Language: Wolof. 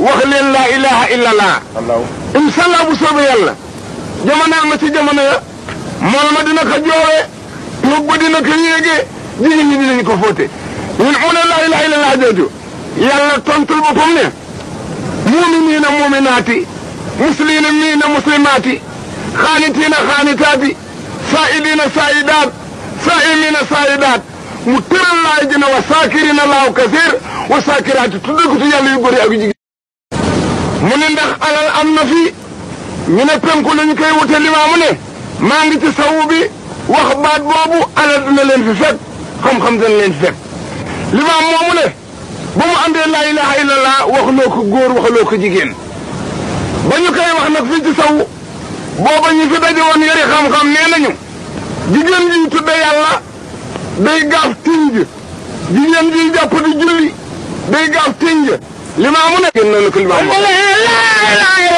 وخل لا اله الا الله ام صلى بصوب يلا جمانا ما سي جمانا مول ما دينا كا جوي لو بدي نك ييجي دي ني دي نكو فوتي ان لا اله الا الله جوجو يلا تنتل بوكم ني مؤمنين مؤمناتي مسلمين مسلماتي خانتين خانتاتي سائلين سائدات سائلين سائدات مترى الله جنا وساكرين الله كثير وساكرات تدكتو يلي يقول يا mu ne ndax alal am na fi ñu ne penku la ñu koy wute limaamu ne maa ngi ci sawu bi wax baat boobu alal dina leen fi fekk xam-xam dina leen fi fekk limaam moomu ne ba mu àndee laa ilaha illallah waxloo ko góor waxloo ko jigéen ba ñu koy wax nag fii ci sawu booba ñu fi daje woon yëri xam-xam nee nañu jigéen ji tudde yàlla day gaaf tinj jigéen ji jàpp julli day gaaf tinj limaamu ne. gën noonu ko limaamu